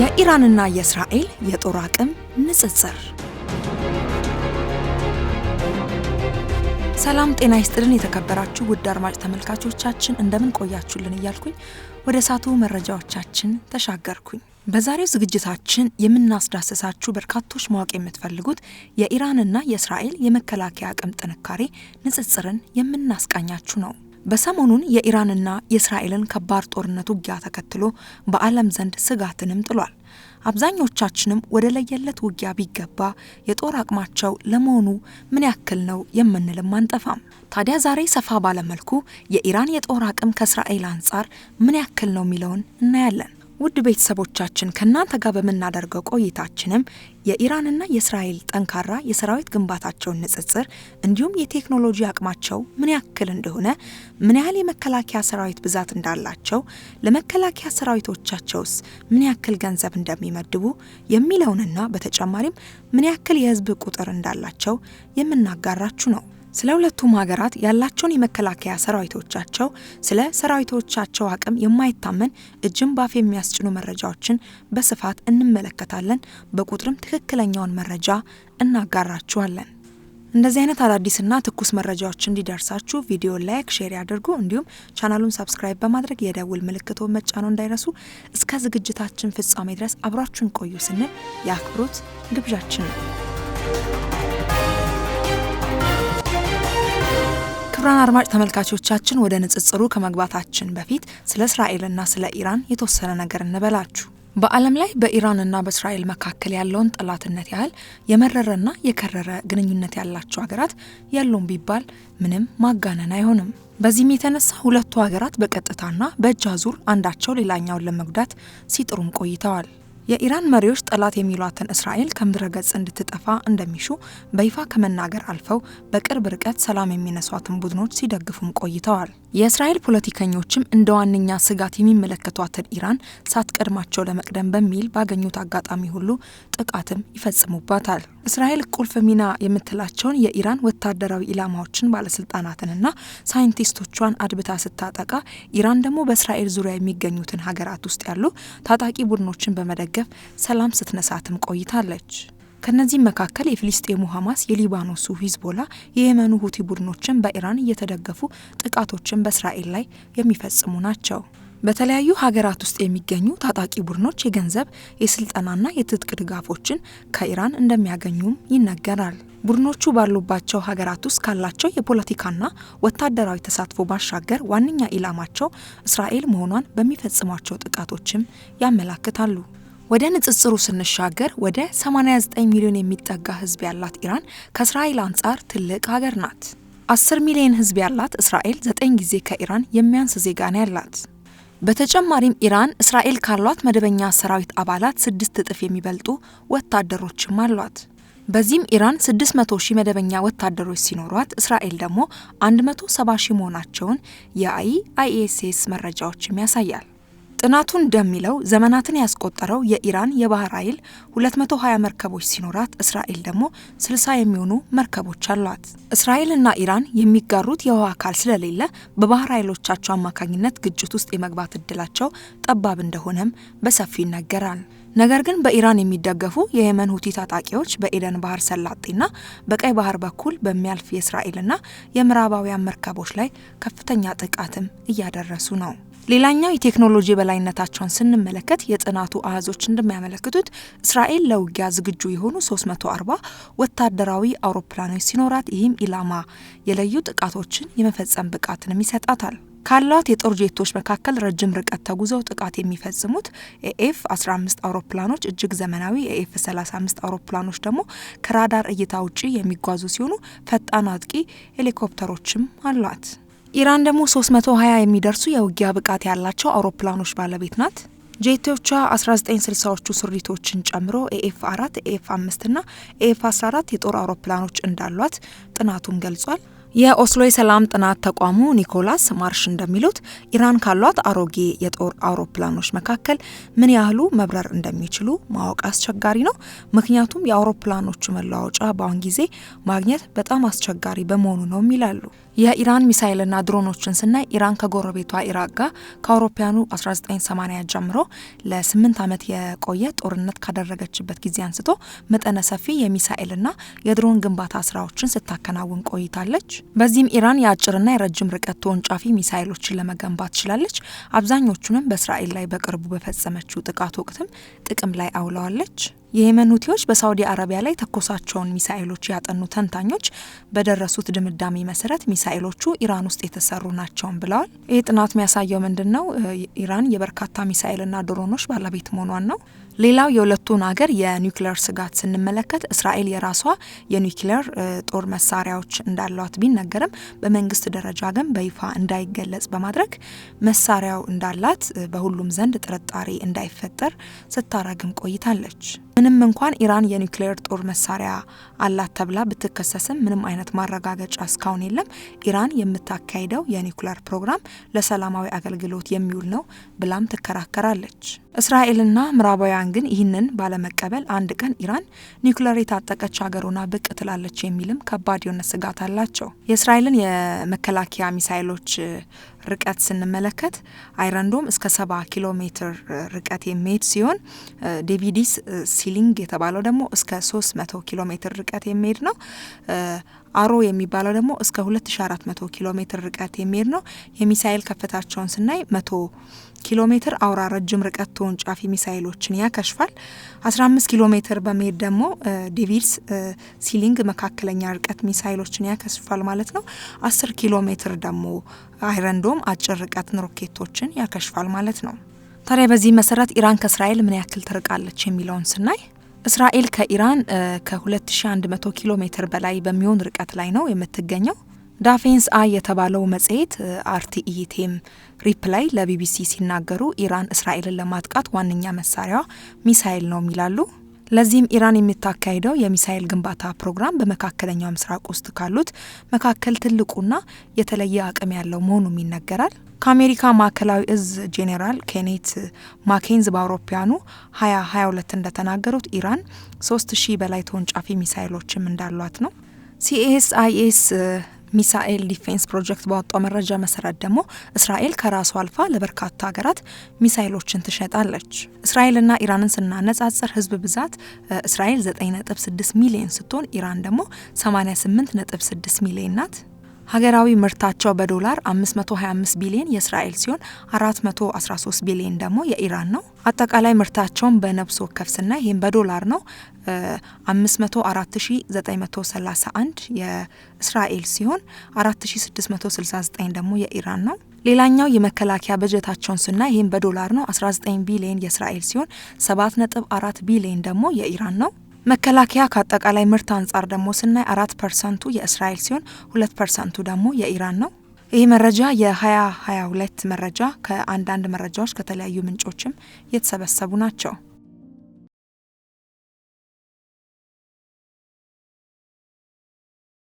የኢራንና የእስራኤል የጦር አቅም ንጽጽር። ሰላም ጤና ይስጥልን። የተከበራችሁ ውድ አድማጭ ተመልካቾቻችን እንደምን ቆያችሁልን እያልኩኝ ወደ እሳቱ መረጃዎቻችን ተሻገርኩኝ። በዛሬው ዝግጅታችን የምናስዳስሳችሁ በርካቶች ማወቅ የምትፈልጉት የኢራንና የእስራኤል የመከላከያ አቅም ጥንካሬ ንጽጽርን የምናስቃኛችሁ ነው። በሰሞኑን የኢራንና የእስራኤልን ከባድ ጦርነት ውጊያ ተከትሎ በዓለም ዘንድ ስጋትንም ጥሏል። አብዛኞቻችንም ወደ ለየለት ውጊያ ቢገባ የጦር አቅማቸው ለመሆኑ ምን ያክል ነው የምንልም አንጠፋም። ታዲያ ዛሬ ሰፋ ባለመልኩ የኢራን የጦር አቅም ከእስራኤል አንጻር ምን ያክል ነው የሚለውን እናያለን። ውድ ቤተሰቦቻችን ከእናንተ ጋር በምናደርገው ቆይታችንም የኢራንና የእስራኤል ጠንካራ የሰራዊት ግንባታቸውን ንጽጽር እንዲሁም የቴክኖሎጂ አቅማቸው ምን ያክል እንደሆነ፣ ምን ያህል የመከላከያ ሰራዊት ብዛት እንዳላቸው፣ ለመከላከያ ሰራዊቶቻቸውስ ምን ያክል ገንዘብ እንደሚመድቡ የሚለውንና በተጨማሪም ምን ያክል የህዝብ ቁጥር እንዳላቸው የምናጋራችሁ ነው። ስለ ሁለቱም ሀገራት ያላቸውን የመከላከያ ሰራዊቶቻቸው፣ ስለ ሰራዊቶቻቸው አቅም የማይታመን እጅን ባፍ የሚያስጭኑ መረጃዎችን በስፋት እንመለከታለን። በቁጥርም ትክክለኛውን መረጃ እናጋራችኋለን። እንደዚህ አይነት አዳዲስና ትኩስ መረጃዎች እንዲደርሳችሁ ቪዲዮ ላይክ፣ ሼር ያድርጉ። እንዲሁም ቻናሉን ሰብስክራይብ በማድረግ የደውል ምልክቶ መጫኖ እንዳይረሱ። እስከ ዝግጅታችን ፍጻሜ ድረስ አብራችሁን ቆዩ ስንል የአክብሮት ግብዣችን ነው። ክቡራን አድማጭ ተመልካቾቻችን ወደ ንጽጽሩ ከመግባታችን በፊት ስለ እስራኤልና ስለ ኢራን የተወሰነ ነገር እንበላችሁ። በዓለም ላይ በኢራንና በእስራኤል መካከል ያለውን ጠላትነት ያህል የመረረና የከረረ ግንኙነት ያላቸው ሀገራት ያለውም ቢባል ምንም ማጋነን አይሆንም። በዚህም የተነሳ ሁለቱ ሀገራት በቀጥታና በእጅ አዙር አንዳቸው ሌላኛውን ለመጉዳት ሲጥሩም ቆይተዋል። የኢራን መሪዎች ጠላት የሚሏትን እስራኤል ከምድረ ገጽ እንድትጠፋ እንደሚሹ በይፋ ከመናገር አልፈው በቅርብ ርቀት ሰላም የሚነሷትን ቡድኖች ሲደግፉም ቆይተዋል። የእስራኤል ፖለቲከኞችም እንደ ዋነኛ ስጋት የሚመለከቷትን ኢራን ሳትቀድማቸው ለመቅደም በሚል ባገኙት አጋጣሚ ሁሉ ጥቃትም ይፈጽሙባታል። እስራኤል ቁልፍ ሚና የምትላቸውን የኢራን ወታደራዊ ኢላማዎችን ባለስልጣናትንና ሳይንቲስቶቿን አድብታ ስታጠቃ፣ ኢራን ደግሞ በእስራኤል ዙሪያ የሚገኙትን ሀገራት ውስጥ ያሉ ታጣቂ ቡድኖችን በመደገ ስትራገፍ ሰላም ስትነሳትም ቆይታለች። ከነዚህም መካከል የፊልስጤሙ ሐማስ፣ የሊባኖሱ ሂዝቦላ፣ የየመኑ ሁቲ ቡድኖችን በኢራን እየተደገፉ ጥቃቶችን በእስራኤል ላይ የሚፈጽሙ ናቸው። በተለያዩ ሀገራት ውስጥ የሚገኙ ታጣቂ ቡድኖች የገንዘብ የስልጠናና የትጥቅ ድጋፎችን ከኢራን እንደሚያገኙም ይነገራል። ቡድኖቹ ባሉባቸው ሀገራት ውስጥ ካላቸው የፖለቲካና ወታደራዊ ተሳትፎ ባሻገር ዋነኛ ኢላማቸው እስራኤል መሆኗን በሚፈጽሟቸው ጥቃቶችም ያመላክታሉ። ወደ ንጽጽሩ ስንሻገር ወደ 89 ሚሊዮን የሚጠጋ ህዝብ ያላት ኢራን ከእስራኤል አንጻር ትልቅ ሀገር ናት። 10 ሚሊዮን ህዝብ ያላት እስራኤል 9 ጊዜ ከኢራን የሚያንስ ዜጋ ነው ያላት። በተጨማሪም ኢራን እስራኤል ካሏት መደበኛ ሰራዊት አባላት ስድስት እጥፍ የሚበልጡ ወታደሮችም አሏት። በዚህም ኢራን 600 ሺህ መደበኛ ወታደሮች ሲኖሯት እስራኤል ደግሞ 170 ሺህ መሆናቸውን አይኤስኤስ መረጃዎችም ያሳያል። ጥናቱ እንደሚለው ዘመናትን ያስቆጠረው የኢራን የባህር ኃይል 220 መርከቦች ሲኖራት እስራኤል ደግሞ 60 የሚሆኑ መርከቦች አሏት። እስራኤልና ኢራን የሚጋሩት የውሃ አካል ስለሌለ በባህር ኃይሎቻቸው አማካኝነት ግጭት ውስጥ የመግባት እድላቸው ጠባብ እንደሆነም በሰፊው ይነገራል። ነገር ግን በኢራን የሚደገፉ የየመን ሁቲ ታጣቂዎች በኤደን ባህር ሰላጤና በቀይ ባህር በኩል በሚያልፍ የእስራኤልና የምዕራባውያን መርከቦች ላይ ከፍተኛ ጥቃትም እያደረሱ ነው። ሌላኛው የቴክኖሎጂ የበላይነታቸውን ስንመለከት የጥናቱ አህዞች እንደሚያመለክቱት እስራኤል ለውጊያ ዝግጁ የሆኑ 340 ወታደራዊ አውሮፕላኖች ሲኖራት ይህም ኢላማ የለዩ ጥቃቶችን የመፈጸም ብቃትንም ይሰጣታል። ካሏት የጦር ጄቶች መካከል ረጅም ርቀት ተጉዘው ጥቃት የሚፈጽሙት ኤኤፍ 15 አውሮፕላኖች እጅግ ዘመናዊ ኤኤፍ 35 አውሮፕላኖች ደግሞ ከራዳር እይታ ውጪ የሚጓዙ ሲሆኑ ፈጣን አጥቂ ሄሊኮፕተሮችም አሏት። ኢራን ደግሞ 320 የሚደርሱ የውጊያ ብቃት ያላቸው አውሮፕላኖች ባለቤት ናት። ጄቶቿ 1960ዎቹ ስሪቶችን ጨምሮ ኤኤፍ 4 ኤኤፍ 5 ና ኤኤፍ 14 የጦር አውሮፕላኖች እንዳሏት ጥናቱም ገልጿል። የኦስሎ የሰላም ጥናት ተቋሙ ኒኮላስ ማርሽ እንደሚሉት ኢራን ካሏት አሮጌ የጦር አውሮፕላኖች መካከል ምን ያህሉ መብረር እንደሚችሉ ማወቅ አስቸጋሪ ነው። ምክንያቱም የአውሮፕላኖቹ መለዋወጫ በአሁን ጊዜ ማግኘት በጣም አስቸጋሪ በመሆኑ ነው ይላሉ። የኢራን ሚሳይልና ድሮኖችን ስናይ ኢራን ከጎረቤቷ ኢራቅ ጋር ከአውሮፓያኑ 1980 ጀምሮ ለ8 ዓመት የቆየ ጦርነት ካደረገችበት ጊዜ አንስቶ መጠነ ሰፊ የሚሳኤልና የድሮን ግንባታ ስራዎችን ስታከናውን ቆይታለች። በዚህም ኢራን የአጭርና የረጅም ርቀት ተወንጫፊ ሚሳይሎችን ለመገንባት ችላለች። አብዛኞቹንም በእስራኤል ላይ በቅርቡ በፈጸመችው ጥቃት ወቅትም ጥቅም ላይ አውለዋለች። የየመን ሁቲዎች በሳውዲ አረቢያ ላይ ተኮሳቸውን ሚሳኤሎች ያጠኑ ተንታኞች በደረሱት ድምዳሜ መሰረት ሚሳኤሎቹ ኢራን ውስጥ የተሰሩ ናቸውን ብለዋል። ይህ ጥናት የሚያሳየው ምንድን ነው? ኢራን የበርካታ ሚሳኤልና ድሮኖች ባለቤት መሆኗን ነው። ሌላው የሁለቱን ሀገር የኒውክሌር ስጋት ስንመለከት እስራኤል የራሷ የኒውክሌር ጦር መሳሪያዎች እንዳሏት ቢነገርም በመንግስት ደረጃ ግን በይፋ እንዳይገለጽ በማድረግ መሳሪያው እንዳላት በሁሉም ዘንድ ጥርጣሬ እንዳይፈጠር ስታረግም ቆይታለች። ምንም እንኳን ኢራን የኒውክሌር ጦር መሳሪያ አላት ተብላ ብትከሰስም ምንም አይነት ማረጋገጫ እስካሁን የለም። ኢራን የምታካሄደው የኒውክሌር ፕሮግራም ለሰላማዊ አገልግሎት የሚውል ነው ብላም ትከራከራለች። እስራኤልና ምዕራባውያን ግን ይህንን ባለመቀበል አንድ ቀን ኢራን ኒውክሌር የታጠቀች ሀገሩና ብቅ ትላለች የሚልም ከባድ የሆነ ስጋት አላቸው። የእስራኤልን የመከላከያ ሚሳይሎች ርቀት ስንመለከት አይረንዶም እስከ ሰባ ኪሎ ሜትር ርቀት የሚሄድ ሲሆን ዴቪዲስ ሲሊንግ የተባለው ደግሞ እስከ ሶስት መቶ ኪሎ ሜትር ርቀት የሚሄድ ነው። አሮ የሚባለው ደግሞ እስከ ሁለት ሺ አራት መቶ ኪሎ ሜትር ርቀት የሚሄድ ነው። የሚሳይል ከፍታቸውን ስናይ መቶ ኪሎ ሜትር አውራ ረጅም ርቀት ተወንጫፊ ሚሳይሎችን ያከሽፋል። 15 ኪሎ ሜትር በመሄድ ደግሞ ዴቪድስ ሲሊንግ መካከለኛ ርቀት ሚሳይሎችን ያከሽፋል ማለት ነው። 10 ኪሎ ሜትር ደግሞ አይረንዶም አጭር ርቀትን ሮኬቶችን ያከሽፋል ማለት ነው። ታዲያ በዚህ መሰረት ኢራን ከእስራኤል ምን ያክል ትርቃለች የሚለውን ስናይ እስራኤል ከኢራን ከ2100 ኪሎ ሜትር በላይ በሚሆን ርቀት ላይ ነው የምትገኘው። ዳፌንስ አይ የተባለው መጽሔት አርቲኢ ቴም ለቢቢሲ ሲናገሩ ኢራን እስራኤልን ለማጥቃት ዋነኛ መሳሪያዋ ሚሳኤል ነው ይላሉ። ለዚህም ኢራን የምታካሂደው የሚሳኤል ግንባታ ፕሮግራም በመካከለኛው ምስራቅ ውስጥ ካሉት መካከል ትልቁና የተለየ አቅም ያለው መሆኑም ይነገራል። ከአሜሪካ ማዕከላዊ እዝ ጄኔራል ኬኔት ማኬንዝ በአውሮፓውያኑ 2022 እንደተናገሩት ኢራን 3000 በላይ ተወንጫፊ ሚሳይሎችም እንዳሏት ነው። ሲኤስአይኤስ ሚሳኤል ዲፌንስ ፕሮጀክት ባወጣው መረጃ መሰረት ደግሞ እስራኤል ከራሷ አልፋ ለበርካታ ሀገራት ሚሳኤሎችን ትሸጣለች። እስራኤልና ኢራንን ስናነጻጽር ህዝብ ብዛት እስራኤል 9.6 ሚሊዮን ስትሆን ኢራን ደግሞ 88.6 ሚሊዮን ናት። ሀገራዊ ምርታቸው በዶላር 525 ቢሊዮን የእስራኤል ሲሆን 413 ቢሊዮን ደግሞ የኢራን ነው። አጠቃላይ ምርታቸውን በነብስ ወከፍ ስናይ ይህም በዶላር ነው 504931 የእስራኤል ሲሆን 4669 ደግሞ የኢራን ነው። ሌላኛው የመከላከያ በጀታቸውን ስናይ ይህም በዶላር ነው 19 ቢሊዮን የእስራኤል ሲሆን 7.4 ቢሊዮን ደግሞ የኢራን ነው። መከላከያ ከአጠቃላይ ምርት አንጻር ደግሞ ስናይ አራት ፐርሰንቱ የእስራኤል ሲሆን ሁለት ፐርሰንቱ ደግሞ የኢራን ነው። ይህ መረጃ የ2022 መረጃ ከአንዳንድ መረጃዎች ከተለያዩ ምንጮችም የተሰበሰቡ ናቸው።